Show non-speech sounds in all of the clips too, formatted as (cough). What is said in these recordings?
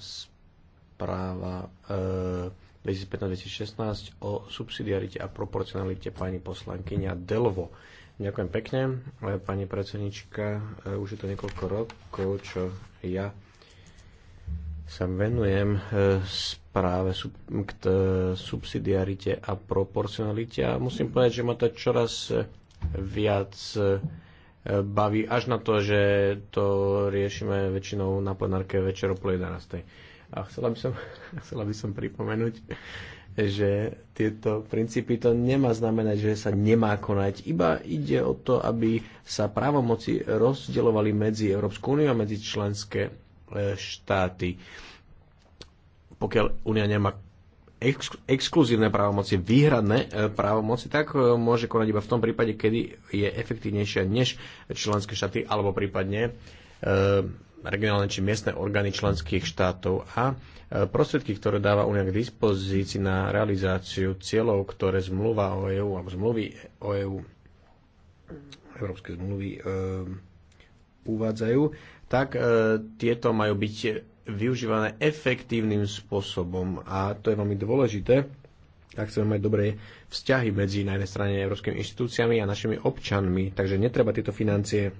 správa 2015-2016 e, o subsidiarite a proporcionalite pani poslankyňa Delvo. Ďakujem pekne, e, pani predsednička. E, už je to niekoľko rokov, čo ja sa venujem správe k subsidiarite a proporcionalite a musím povedať, že ma to čoraz viac baví až na to, že to riešime väčšinou na plenárke večer o pol 11. A chcela by som, (laughs) chcela by som pripomenúť, že tieto princípy to nemá znamenať, že sa nemá konať. Iba ide o to, aby sa právomoci rozdielovali medzi Európsku úniu a medzi členské e, štáty. Pokiaľ únia nemá ex- exkluzívne právomoci, výhradné e, právomoci, tak e, môže konať iba v tom prípade, kedy je efektívnejšia než členské štáty alebo prípadne e, regionálne či miestne orgány členských štátov a e, prostriedky, ktoré dáva Unia k dispozícii na realizáciu cieľov, ktoré zmluva o EÚ alebo zmluvy o EÚ európske zmluvy e, uvádzajú, tak e, tieto majú byť využívané efektívnym spôsobom. A to je veľmi dôležité, ak chceme mať dobré vzťahy medzi na jednej strane európskymi inštitúciami a našimi občanmi. Takže netreba tieto financie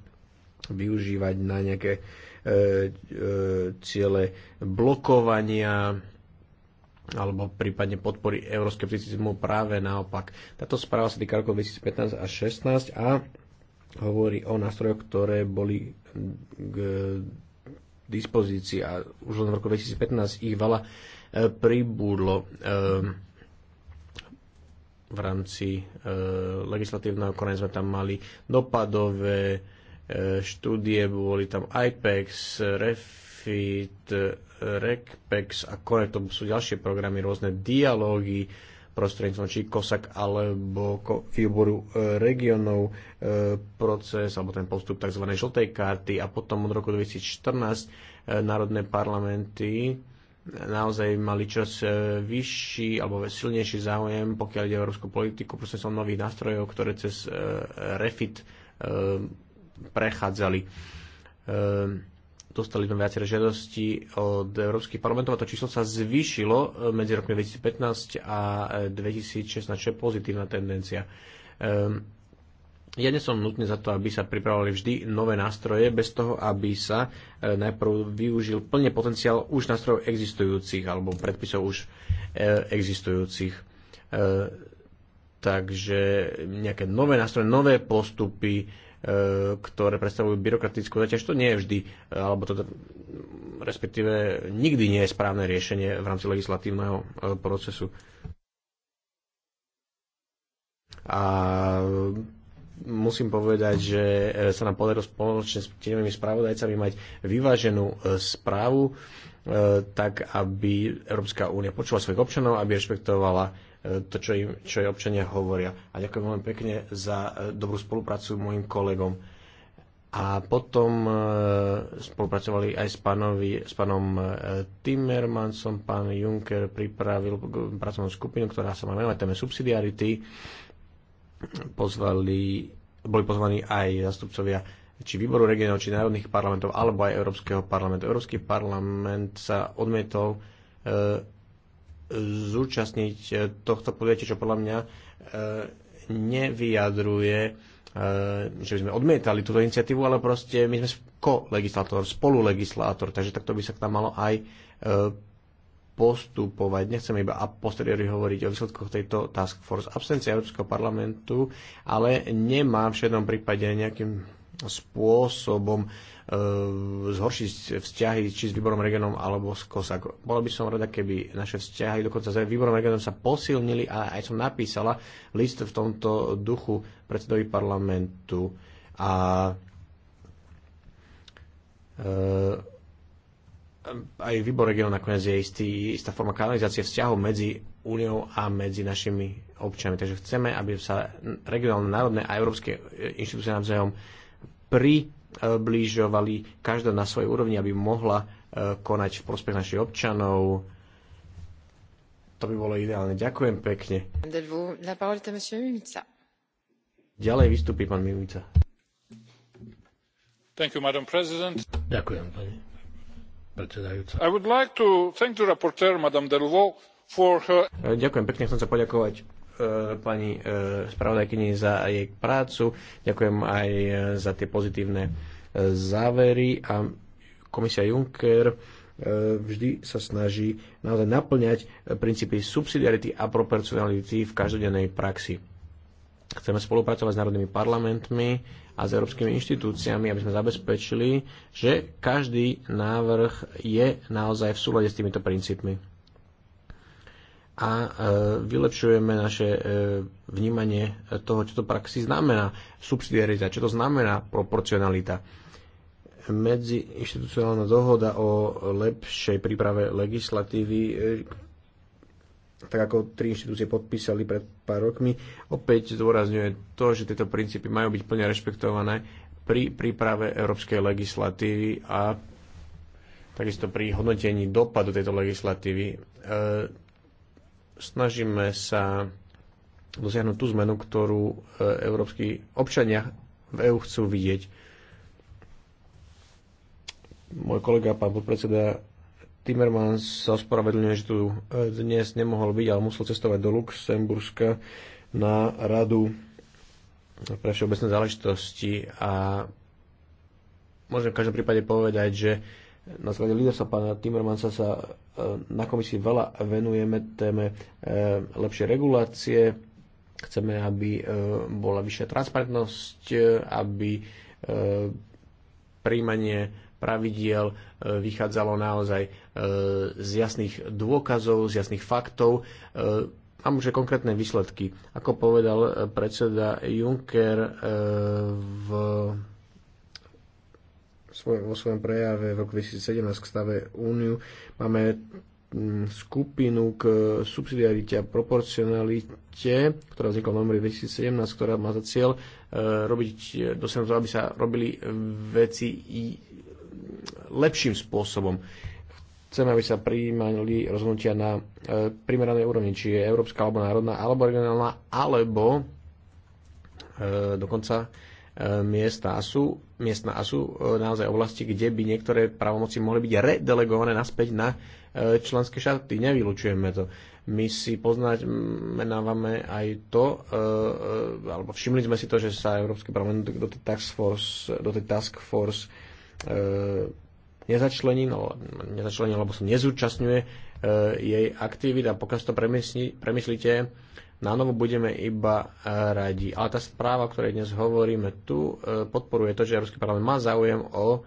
využívať na nejaké e, e, ciele blokovania alebo prípadne podpory euroskepticizmu práve naopak. Táto správa sa týka rokov 2015 a 16 a hovorí o nástrojoch, ktoré boli k dispozícii a už len v roku 2015 ich veľa e, pribúdlo e, v rámci e, legislatívneho konania sme tam mali dopadové štúdie, boli tam IPEX, REFIT, RECPEX a konec, to sú ďalšie programy, rôzne dialógy, prostredníctvom či COSAC alebo výboru regionov proces alebo ten postup tzv. žltej karty a potom od roku 2014 národné parlamenty naozaj mali čas e, vyšší alebo silnejší záujem, pokiaľ ide o európsku politiku, som nových nástrojov, ktoré cez e, REFIT e, prechádzali. Dostali sme viaceré žiadosti od európskych parlamentov a to číslo sa zvýšilo medzi rokmi 2015 a 2016, čo je pozitívna tendencia ja nesom nutný za to, aby sa pripravovali vždy nové nástroje, bez toho, aby sa e, najprv využil plne potenciál už nástrojov existujúcich alebo predpisov už e, existujúcich. E, takže nejaké nové nástroje, nové postupy, ktoré predstavujú byrokratickú zaťaž, to nie je vždy, alebo to respektíve nikdy nie je správne riešenie v rámci legislatívneho procesu. A musím povedať, že e, sa nám podarilo spoločne s tými spravodajcami mať vyváženú e, správu, e, tak aby Európska únia počula svojich občanov, aby rešpektovala to, čo, im, čo jej občania hovoria. A ďakujem veľmi pekne za dobrú spoluprácu mojim kolegom. A potom spolupracovali aj s, pánovi, s pánom Timmermansom. Pán Juncker pripravil pracovnú skupinu, ktorá sa má venovať téme subsidiarity pozvali, boli pozvaní aj zastupcovia či výboru regionov, či národných parlamentov, alebo aj Európskeho parlamentu. Európsky parlament sa odmietol e, zúčastniť e, tohto podujatia, čo podľa mňa e, nevyjadruje, e, že by sme odmietali túto iniciatívu, ale proste my sme ko-legislátor, spolulegislátor, takže takto by sa tam malo aj e, postupovať. Nechcem iba a posteriori hovoriť o výsledkoch tejto task force. Absencia Európskeho parlamentu ale nemá v všetnom prípade nejakým spôsobom e, zhoršiť vzťahy či s výborom regionom alebo s Kosak. Bolo by som rada, keby naše vzťahy dokonca s výborom regionom sa posilnili a aj som napísala list v tomto duchu predsedovi parlamentu. A e, aj výbor regionu nakoniec je istý, istá forma kanalizácie vzťahov medzi úniou a medzi našimi občanmi. Takže chceme, aby sa regionálne, národné a európske inštitúcie navzájom približovali každá na svojej úrovni, aby mohla e, konať v prospech našich občanov. To by bolo ideálne. Ďakujem pekne. Ďalej vystupí pán Mimica. Ďakujem, pani E, ďakujem pekne, chcem sa poďakovať e, pani e, spravodajkyni za jej prácu. Ďakujem aj za tie pozitívne závery a komisia Juncker vždy sa snaží naozaj naplňať princípy subsidiarity a proporcionality v každodennej praxi. Chceme spolupracovať s národnými parlamentmi a s európskymi inštitúciami, aby sme zabezpečili, že každý návrh je naozaj v súlade s týmito princípmi. A e, vylepšujeme naše e, vnímanie toho, čo to praxi znamená, subsidiarita, čo to znamená proporcionalita medziinstitucionálna dohoda o lepšej príprave legislatívy e, tak ako tri inštitúcie podpísali pred pár rokmi, opäť zdôrazňuje to, že tieto princípy majú byť plne rešpektované pri príprave európskej legislatívy a takisto pri hodnotení dopadu tejto legislatívy. E, snažíme sa dosiahnuť tú zmenu, ktorú e, európsky občania v EÚ chcú vidieť. Môj kolega, pán podpredseda Timmermans sa ospravedlňuje, že tu e, dnes nemohol byť, ale musel cestovať do Luxemburska na radu pre všeobecné záležitosti a môžem v každom prípade povedať, že na základe líderstva pána Timmermansa sa e, na komisii veľa venujeme téme e, lepšie regulácie, chceme, aby bola vyššia transparentnosť, aby príjmanie pravidiel e, vychádzalo naozaj e, z jasných dôkazov, z jasných faktov a e, môže konkrétne výsledky. Ako povedal predseda Juncker v vo svojom prejave v roku 2017 k stave úniu máme skupinu k subsidiarite a proporcionalite, ktorá vznikla v novembri 2017, ktorá má za cieľ robiť, dosiahnuť aby sa robili veci lepším spôsobom. Chceme, aby sa prijímali rozhodnutia na e, primeranej úrovni, či je európska alebo národná, alebo regionálna, alebo e, dokonca e, miesta a sú, miestna a sú naozaj oblasti, kde by niektoré právomoci mohli byť redelegované naspäť na členské štáty. Nevylučujeme to. My si poznať menávame aj to, alebo všimli sme si to, že sa Európsky parlament do tej task force, do tej task force E, nezačlení, no, nezačlení alebo sa nezúčastňuje e, jej aktivít a pokiaľ to premyslí, premyslíte, na novo budeme iba e, radi. Ale tá správa, o ktorej dnes hovoríme tu, podporuje to, že Európsky parlament má záujem o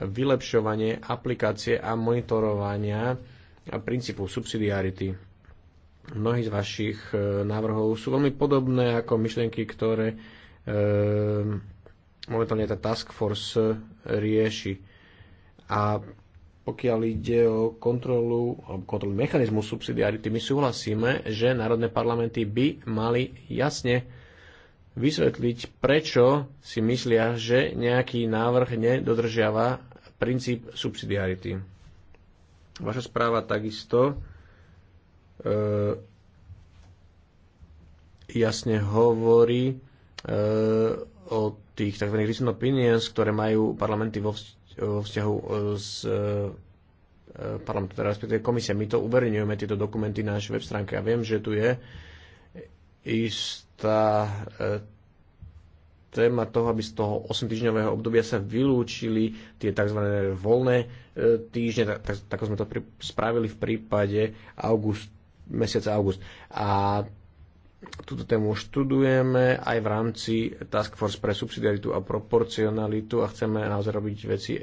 vylepšovanie aplikácie a monitorovania princípu subsidiarity. Mnohí z vašich návrhov sú veľmi podobné ako myšlienky, ktoré e, momentálne tá task force e, rieši. A pokiaľ ide o kontrolu, alebo kontrolu mechanizmu subsidiarity, my súhlasíme, že národné parlamenty by mali jasne vysvetliť, prečo si myslia, že nejaký návrh nedodržiava princíp subsidiarity. Vaša správa takisto e, jasne hovorí e, o tých tzv. recent opinions, ktoré majú parlamenty vo, vzťahu s e, e, e, parlamentom, teda respektíve komisia. My to uverejňujeme, tieto dokumenty na našej web stránke. a viem, že tu je istá téma toho, aby z toho 8-týždňového obdobia sa vylúčili tie tzv. voľné týždne, tak, tak, tak sme to pri, spravili v prípade august, mesiaca august. A túto tému študujeme aj v rámci Task Force pre subsidiaritu a proporcionalitu a chceme naozaj robiť veci e,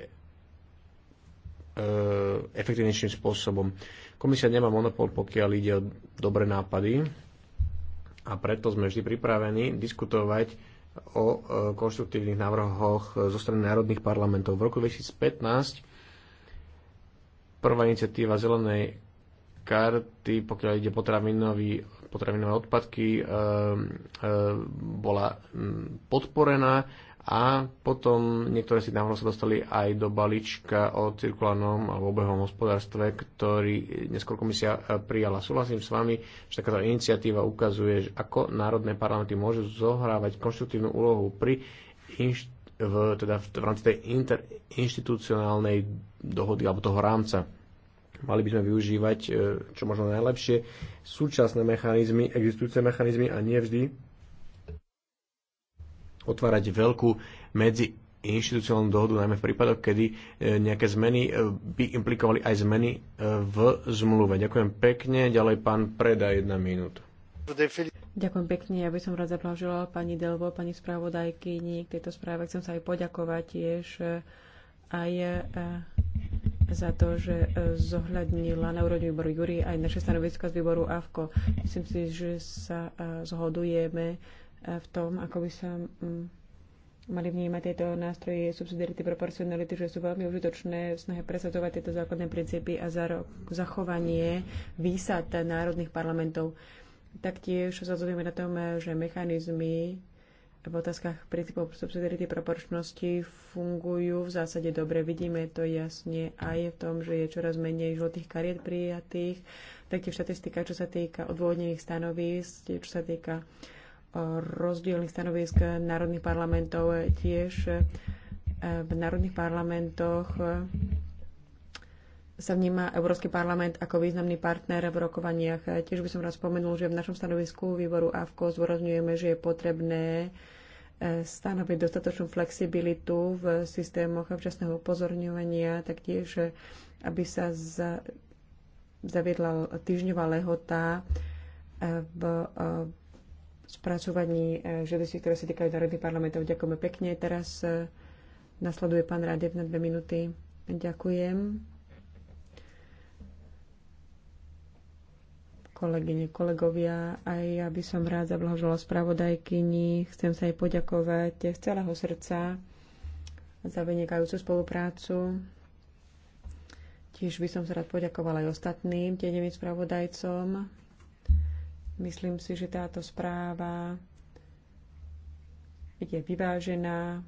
efektívnejším spôsobom. Komisia nemá monopol, pokiaľ ide o dobré nápady a preto sme vždy pripravení diskutovať o e, konštruktívnych návrhoch zo strany národných parlamentov. V roku 2015 prvá iniciatíva Zelenej karty, pokiaľ ide potravinový, potravinové odpadky, e, e, bola hm, podporená a potom niektoré si tých sa dostali aj do balíčka o cirkulárnom alebo obehovom hospodárstve, ktorý neskôr komisia eh, prijala. Súhlasím s vami, že takáto iniciatíva ukazuje, že ako národné parlamenty môžu zohrávať konštruktívnu úlohu pri inšt- v, teda v, v rámci tej interinstitucionálnej dohody alebo toho rámca Mali by sme využívať e, čo možno najlepšie súčasné mechanizmy, existujúce mechanizmy a nie vždy otvárať veľkú medzi inštitucionálnu dohodu, najmä v prípadoch, kedy e, nejaké zmeny e, by implikovali aj zmeny v zmluve. Ďakujem pekne. Ďalej pán Preda, jedna minúta. Ďakujem pekne. Ja by som rád zablažila pani Delvo, pani správodajkyni k tejto správe. Chcem sa aj poďakovať tiež aj za to, že e, zohľadnila na úrovni výboru Júri aj naše stanovisko z výboru AVKO. Myslím si, že sa e, zhodujeme e, v tom, ako by sa mm, mali vnímať tieto nástroje subsidiarity proporcionality, že sú veľmi užitočné v snahe presadzovať tieto základné princípy a za zachovanie výsad národných parlamentov. Taktiež sa zhodujeme na tom, že mechanizmy v otázkach princípov subsidiarity proporčnosti fungujú v zásade dobre. Vidíme to jasne aj v tom, že je čoraz menej žltých kariet prijatých, taktiež štatistika, čo sa týka odvodnených stanovisk, čo sa týka rozdielných stanovisk národných parlamentov, tiež e, v národných parlamentoch sa vníma Európsky parlament ako významný partner v rokovaniach. Tiež by som raz spomenul, že v našom stanovisku výboru AVKO zdôrazňujeme, že je potrebné e, stanoviť dostatočnú flexibilitu v systémoch včasného upozorňovania, taktiež, aby sa zaviedla týždňová lehota e, v e, spracovaní žiadosti, ktoré sa týkajú národných parlamentov. Ďakujeme pekne. Teraz nasleduje pán Radev na dve minúty. Ďakujem. kolegyne, kolegovia. Aj ja by som rád zablahožila spravodajkyni. Chcem sa jej poďakovať z celého srdca za vynikajúcu spoluprácu. Tiež by som sa rád poďakovala aj ostatným tieňovým spravodajcom. Myslím si, že táto správa je vyvážená,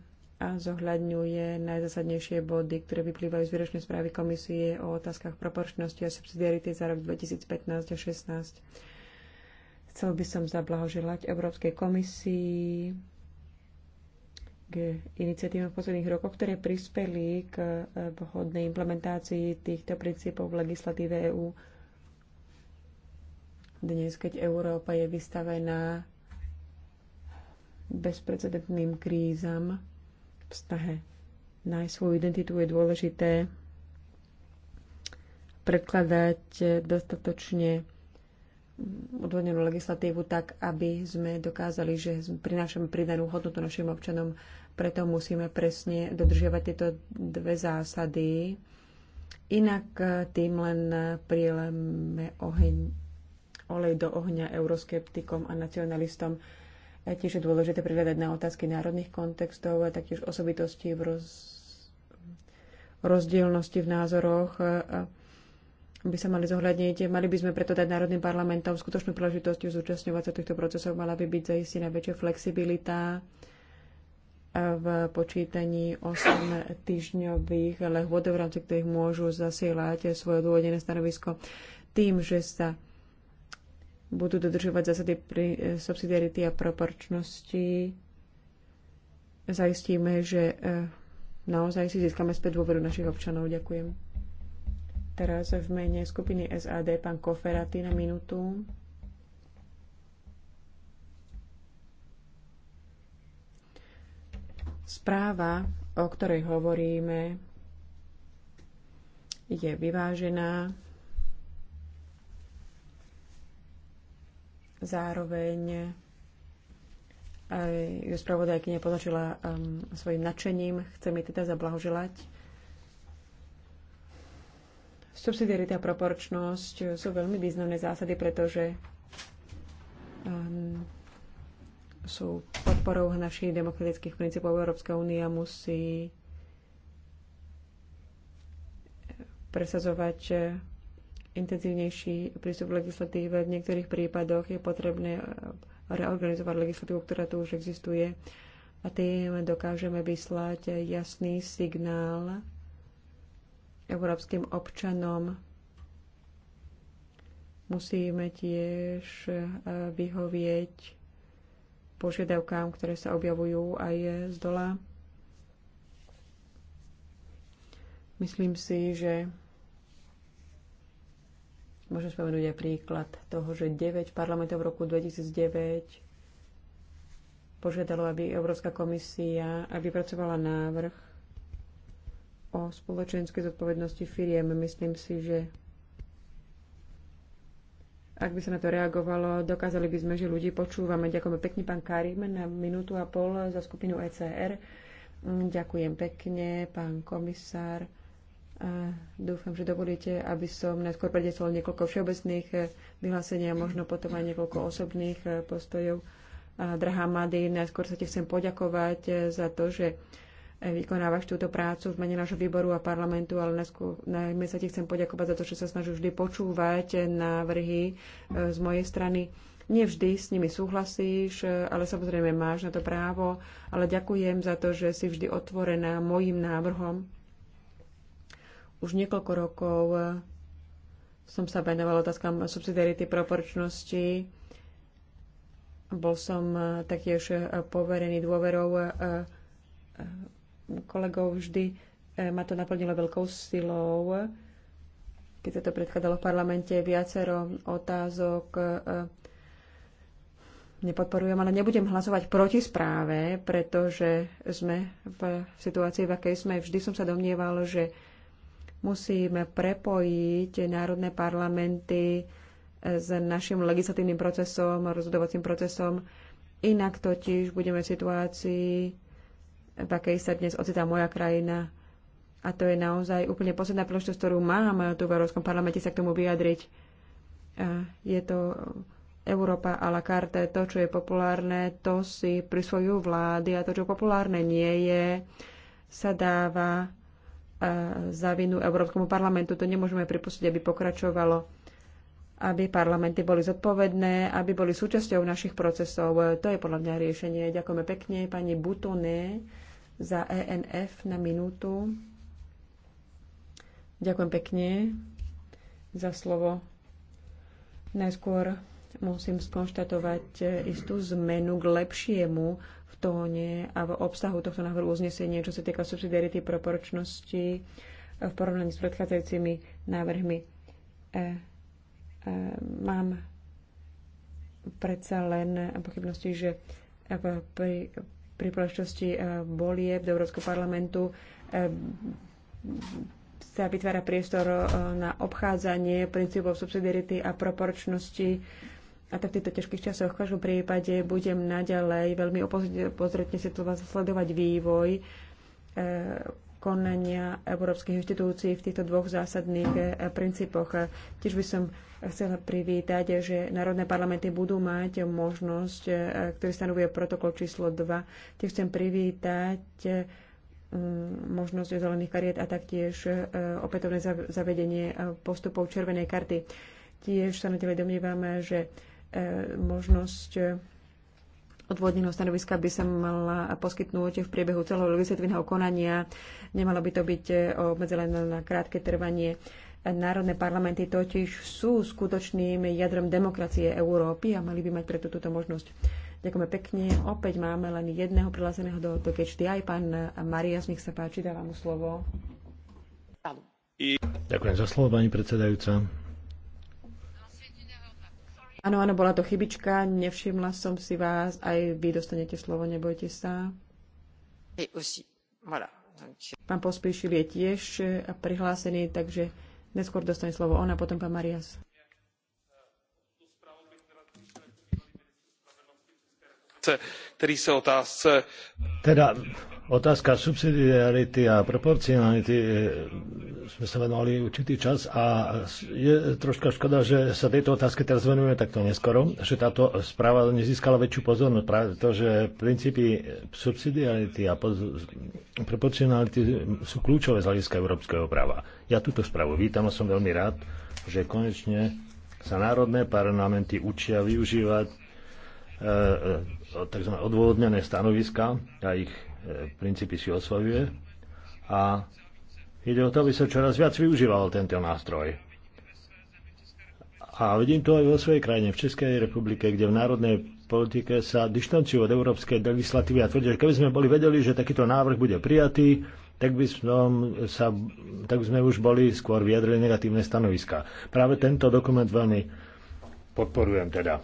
a zohľadňuje najzásadnejšie body, ktoré vyplývajú z výročnej správy komisie o otázkach proporčnosti a subsidiarity za rok 2015 a 2016. Chcel by som zablahoželať Európskej komisii k iniciatívam v posledných rokoch, ktoré prispeli k vhodnej implementácii týchto princípov v legislatíve EÚ. Dnes, keď Európa je vystavená bezprecedentným krízam, v snahe nájsť svoju identitu je dôležité predkladať dostatočne odvodnenú legislatívu tak, aby sme dokázali, že prinášame pridanú hodnotu našim občanom. Preto musíme presne dodržiavať tieto dve zásady. Inak tým len prieleme oheň, olej do ohňa euroskeptikom a nacionalistom. Tiež je dôležité prihľadať na otázky národných kontextov a taktiež osobitosti v roz... rozdielnosti v názoroch by sa mali zohľadniť. Mali by sme preto dať národným parlamentom skutočnú príležitosť zúčastňovať sa týchto procesov. Mala by byť zaistená väčšia flexibilita v počítaní 8 týždňových lehôd, v rámci ktorých môžu zasielať svoje dôvodené stanovisko tým, že sa budú dodržovať zásady pri e, subsidiarity a proporčnosti, Zajistíme, že e, naozaj si získame späť dôveru našich občanov. Ďakujem. Teraz v mene skupiny SAD pán Koferaty na minútu. Správa, o ktorej hovoríme, je vyvážená, Zároveň ju spravodajky poznačila um, svojim nadšením. Chce mi teda zablahoželať. Subsidiarita a proporčnosť sú veľmi významné zásady, pretože um, sú podporou našich demokratických princípov. Európska únia musí presazovať intenzívnejší prístup v legislatíve. V niektorých prípadoch je potrebné eh, reorganizovať legislatívu, ktorá tu už existuje a tým dokážeme vyslať jasný signál európskym občanom. Musíme tiež eh, vyhovieť požiadavkám, ktoré sa objavujú aj z dola. Myslím si, že Môžem spomenúť aj príklad toho, že 9 parlamentov v roku 2009 požiadalo, aby Európska komisia vypracovala návrh o spoločenskej zodpovednosti firiem. Myslím si, že ak by sa na to reagovalo, dokázali by sme, že ľudí počúvame. Ďakujeme pekne, pán Karim, na minútu a pol za skupinu ECR. Ďakujem pekne, pán komisár. A dúfam, že dovolíte, aby som najskôr predesol niekoľko všeobecných eh, vyhlásení a možno potom aj niekoľko osobných eh, postojov. A drahá Mady, najskôr sa ti chcem poďakovať eh, za to, že vykonávaš túto prácu v mene nášho výboru a parlamentu, ale najmä sa ti chcem poďakovať za to, že sa snažíš vždy počúvať návrhy z mojej strany. Nevždy s nimi súhlasíš, ale samozrejme máš na to právo, ale ďakujem za to, že si vždy otvorená mojim návrhom už niekoľko rokov eh, som sa venovala otázkam subsidiarity, proporčnosti. Bol som eh, taktiež eh, poverený dôverou kolegov vždy ma to naplnilo veľkou silou, keď sa to predchádzalo v parlamente viacero otázok nepodporujem, ale nebudem hlasovať proti správe, pretože sme v situácii, v akej sme. Vždy som sa domnieval, že Musíme prepojiť národné parlamenty s našim legislatívnym procesom, rozhodovacím procesom. Inak totiž budeme v situácii, v akej sa dnes ocitá moja krajina. A to je naozaj úplne posledná príležitosť, ktorú mám tu v Európskom parlamente sa k tomu vyjadriť. Je to Európa a la carte, to, čo je populárne, to si prisvojujú vlády a to, čo populárne nie je, sa dáva za vinu Európskemu parlamentu. To nemôžeme pripustiť, aby pokračovalo aby parlamenty boli zodpovedné, aby boli súčasťou našich procesov. To je podľa mňa riešenie. Ďakujeme pekne pani Butone za ENF na minútu. Ďakujem pekne za slovo. Najskôr musím skonštatovať e, istú zmenu k lepšiemu v tóne a v obsahu tohto návrhu uznesenia, čo sa týka subsidiarity, proporčnosti e, v porovnaní s predchádzajúcimi návrhmi. E, e, mám predsa len pochybnosti, že pri, pri príležitosti bolie e, do Európskeho parlamentu e, sa vytvára priestor na obchádzanie princípov subsidiarity a proporčnosti a tak v týchto ťažkých časoch v každom prípade budem naďalej veľmi pozretne si to sledovať vývoj e, konania európskych inštitúcií v týchto dvoch zásadných e, princípoch. A tiež by som chcela privítať, že národné parlamenty budú mať možnosť, e, ktorý stanovuje protokol číslo 2. Tiež chcem privítať e, mm, možnosť zelených kariet a taktiež e, opätovné zavedenie e, postupov červenej karty. Tiež sa na domnívame, že E, možnosť e, odvodneného stanoviska by sa mala poskytnúť v priebehu celého legislatívneho konania. Nemalo by to byť e, obmedzené na krátke trvanie. Národné parlamenty totiž sú skutočným jadrom demokracie Európy a mali by mať preto túto možnosť. Ďakujeme pekne. Opäť máme len jedného prihláseného do, Tokečty. Aj pán Marias, nech sa páči, dávam mu slovo. Ďakujem za slovo, pani predsedajúca. Áno, áno, bola to chybička, nevšimla som si vás, aj vy dostanete slovo, nebojte sa. Pán Pospíšil je tiež e, prihlásený, takže neskôr dostane slovo ona, potom pán Marias. Teda otázka subsidiarity a proporcionality e, sme sa venovali určitý čas a je troška škoda, že sa tejto otázke teraz venujeme takto neskoro, že táto správa nezískala väčšiu pozornosť, pretože princípy subsidiarity a proporcionality sú kľúčové z hľadiska európskeho práva. Ja túto správu vítam a som veľmi rád, že konečne sa národné parlamenty učia využívať e, e, tzv. odôvodnené stanoviska a ich E, princípy si osvojuje a ide o to, aby sa čoraz viac využíval tento nástroj. A vidím to aj vo svojej krajine, v Českej republike, kde v národnej politike sa dištancujú od európskej legislatívy a tvrdia, že keby sme boli vedeli, že takýto návrh bude prijatý, tak by, sa, tak by sme už boli skôr vyjadrili negatívne stanoviska. Práve tento dokument veľmi podporujem teda.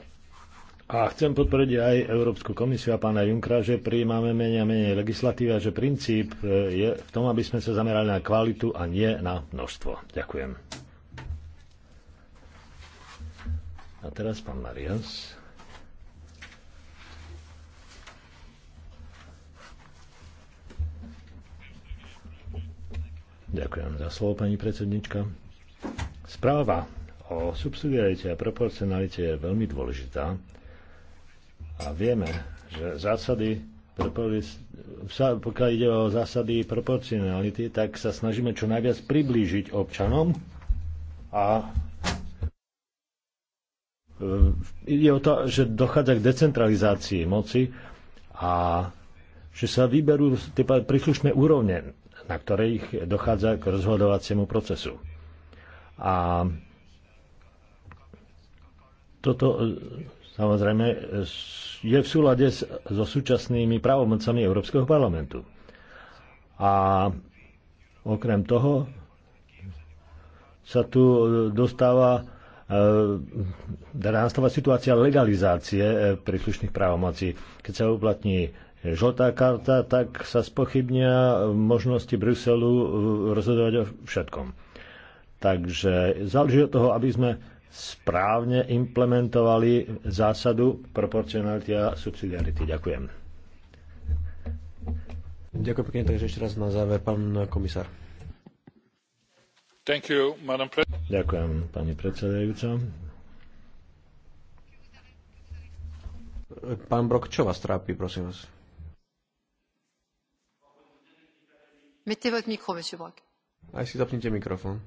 A chcem podporiť aj Európsku komisiu a pána Junkra, že príjmame menej a menej legislatívy a že princíp e, je v tom, aby sme sa zamerali na kvalitu a nie na množstvo. Ďakujem. A teraz pán Marias. Ďakujem za slovo, pani predsednička. Správa o subsidiarite a proporcionalite je veľmi dôležitá a vieme, že zásady, pokiaľ ide o zásady proporcionality, tak sa snažíme čo najviac priblížiť občanom a e, ide o to, že dochádza k decentralizácii moci a že sa vyberú tie príslušné úrovne, na ktorých dochádza k rozhodovaciemu procesu. A toto samozrejme je v súlade so súčasnými právomocami Európskeho parlamentu. A okrem toho sa tu dostáva e, teda nastáva situácia legalizácie e, príslušných právomocí. Keď sa uplatní žltá karta, tak sa spochybnia možnosti Bruselu e, rozhodovať o všetkom. Takže záleží od toho, aby sme správne implementovali zásadu proporcionality a subsidiarity. Ďakujem. Ďakujem pekne, takže ešte raz na záver, pán komisár. Thank you, madam Ďakujem, pani predsedajúca. Pán Brok, čo vás trápi, prosím vás? Mettez votre micro, monsieur Brok. Aj si zapnite mikrofón.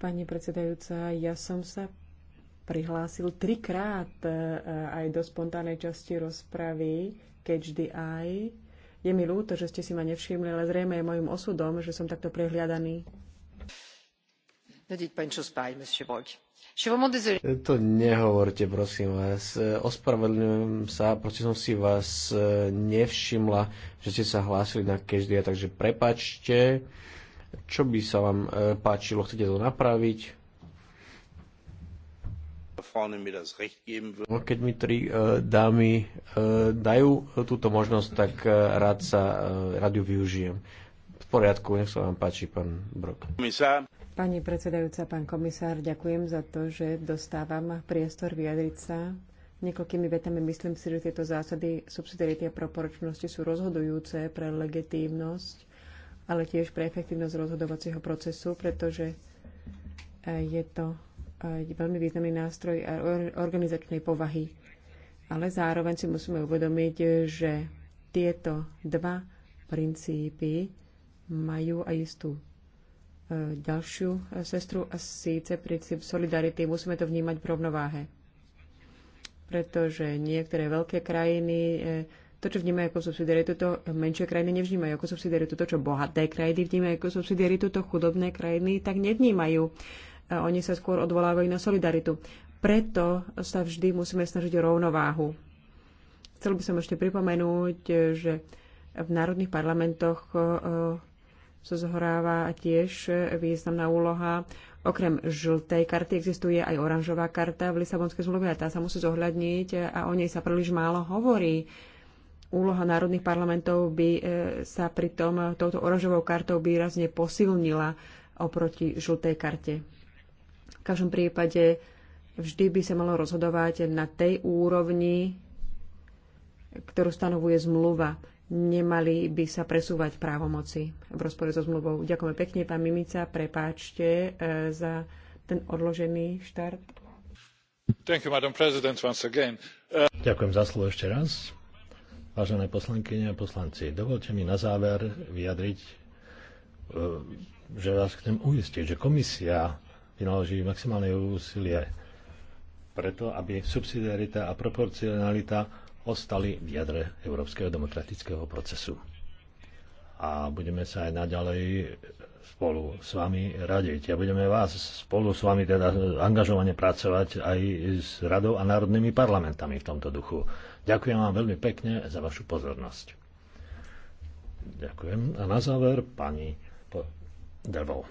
Pani predsedajúca, ja som sa prihlásil trikrát e, e, aj do spontánnej časti rozpravy keď vždy aj. Je mi ľúto, že ste si ma nevšimli, ale zrejme je mojim osudom, že som takto prehliadaný. E, to nehovorte, prosím vás. Ospravedlňujem sa, proste som si vás nevšimla, že ste sa hlásili na Catch the Eye, takže prepačte. Čo by sa vám e, páčilo? Chcete to napraviť? No, keď mi tri e, dámy e, dajú túto možnosť, tak rád, sa, rád ju využijem. V poriadku, nech sa vám páči, pán Brok. Pani predsedajúca, pán komisár, ďakujem za to, že dostávam priestor vyjadriť sa niekoľkými vetami. Myslím si, že tieto zásady subsidiarity a proporčnosti sú rozhodujúce pre legitímnosť ale tiež pre efektívnosť rozhodovacieho procesu, pretože e, je to e, veľmi významný nástroj organizačnej povahy. Ale zároveň si musíme uvedomiť, že tieto dva princípy majú aj istú e, ďalšiu sestru a síce princíp solidarity. Musíme to vnímať v rovnováhe. Pretože niektoré veľké krajiny to, čo vnímajú ako subsidiaritu, to menšie krajiny nevnímajú ako subsidiaritu. To, čo bohaté krajiny vnímajú ako subsidiaritu, to chudobné krajiny tak nevnímajú. Oni sa skôr odvolávajú na solidaritu. Preto sa vždy musíme snažiť o rovnováhu. Chcel by som ešte pripomenúť, že v národných parlamentoch e, sa zohráva tiež významná úloha. Okrem žltej karty existuje aj oranžová karta v Lisabonskej zmluve a tá sa musí zohľadniť a o nej sa príliš málo hovorí Úloha národných parlamentov by e, sa pritom touto oranžovou kartou výrazne posilnila oproti žltej karte. V každom prípade vždy by sa malo rozhodovať na tej úrovni, ktorú stanovuje zmluva. Nemali by sa presúvať právomoci v rozpore so zmluvou. Ďakujem pekne, pán Mimica, prepáčte e, za ten odložený štart. You, uh... Ďakujem za slovo ešte raz. Vážené poslankyne a poslanci, dovolte mi na záver vyjadriť, e, že vás chcem uistiť, že komisia vynaloží maximálne úsilie preto, aby subsidiarita a proporcionalita ostali v jadre európskeho demokratického procesu. A budeme sa aj naďalej spolu s vami radiť. A budeme vás spolu s vami teda angažovane pracovať aj s radou a národnými parlamentami v tomto duchu. Ďakujem vám veľmi pekne za vašu pozornosť. Ďakujem. A na záver pani Delvou.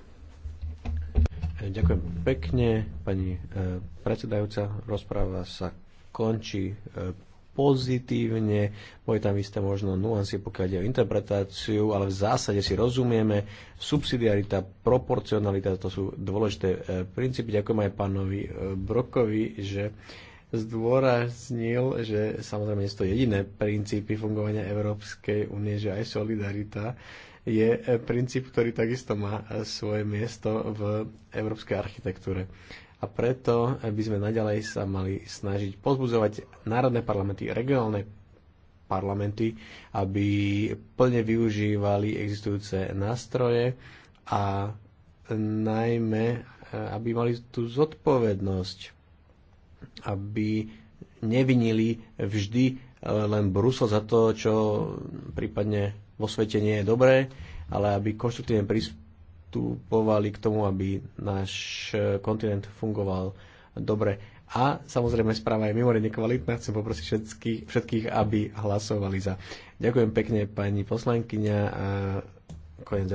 Ďakujem pekne, pani e, predsedajúca. Rozpráva sa končí e, pozitívne. Boli tam isté možno nuancie, pokiaľ ide o interpretáciu, ale v zásade si rozumieme. Subsidiarita, proporcionalita, to sú dôležité e, princípy. Ďakujem aj pánovi Brokovi, že zdôraznil, že samozrejme nie sú to jediné princípy fungovania Európskej únie, že aj solidarita je princíp, ktorý takisto má svoje miesto v európskej architektúre. A preto by sme naďalej sa mali snažiť pozbudzovať národné parlamenty, regionálne parlamenty, aby plne využívali existujúce nástroje a najmä, aby mali tú zodpovednosť aby nevinili vždy e, len Brusel za to, čo prípadne vo svete nie je dobré, ale aby konštruktívne pristupovali k tomu, aby náš e, kontinent fungoval dobre. A samozrejme správa je mimoriadne kvalitná. Chcem poprosiť všetkých, všetkých, aby hlasovali za. Ďakujem pekne pani poslankyňa a koniec